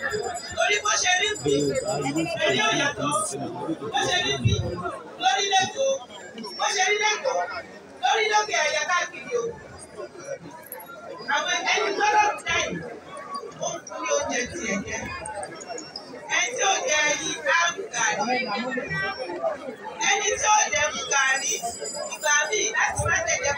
lórí bó ṣe rí bí ẹni ò bó ṣe rí bí lórí lẹ́kọ̀ọ́ bó ṣe rí lẹ́kọ̀ọ́ lórí lókè ẹ̀yà káàkiri o. àwọn ẹni tó tẹ̀ ó ń fún ní oúnjẹ ẹni tí ò jẹ yìí á ẹni tí ò jẹ mú gàrí ìgbà míì láti má tẹ̀jẹ̀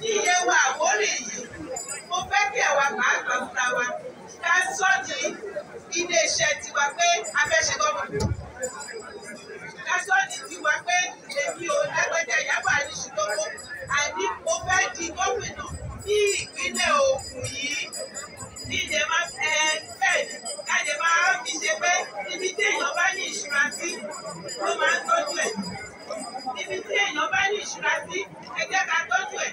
kí iye wa mo fẹ́ kí àwa pàápàá fúnra wa ká sọ ní iléeṣẹ́ tiwa pé a fẹ́ ṣe gọ́ọ̀mù. ká sọ ní tiwa pé èmi ò lágbájá Ìyábọ̀ Àníṣùlówó àní mo fẹ́ di gómìnà ní ìpínlẹ̀ Ògùn yìí níjẹ máa ẹ bẹ́ẹ̀ ni kájẹ máa fi ṣe pé ibi tí èèyàn bá ní ìṣúra sí ló máa ń tọ́jú ẹ̀ ibi tí èèyàn bá ní ìṣúra sí ẹ ká tọ́jú ẹ̀.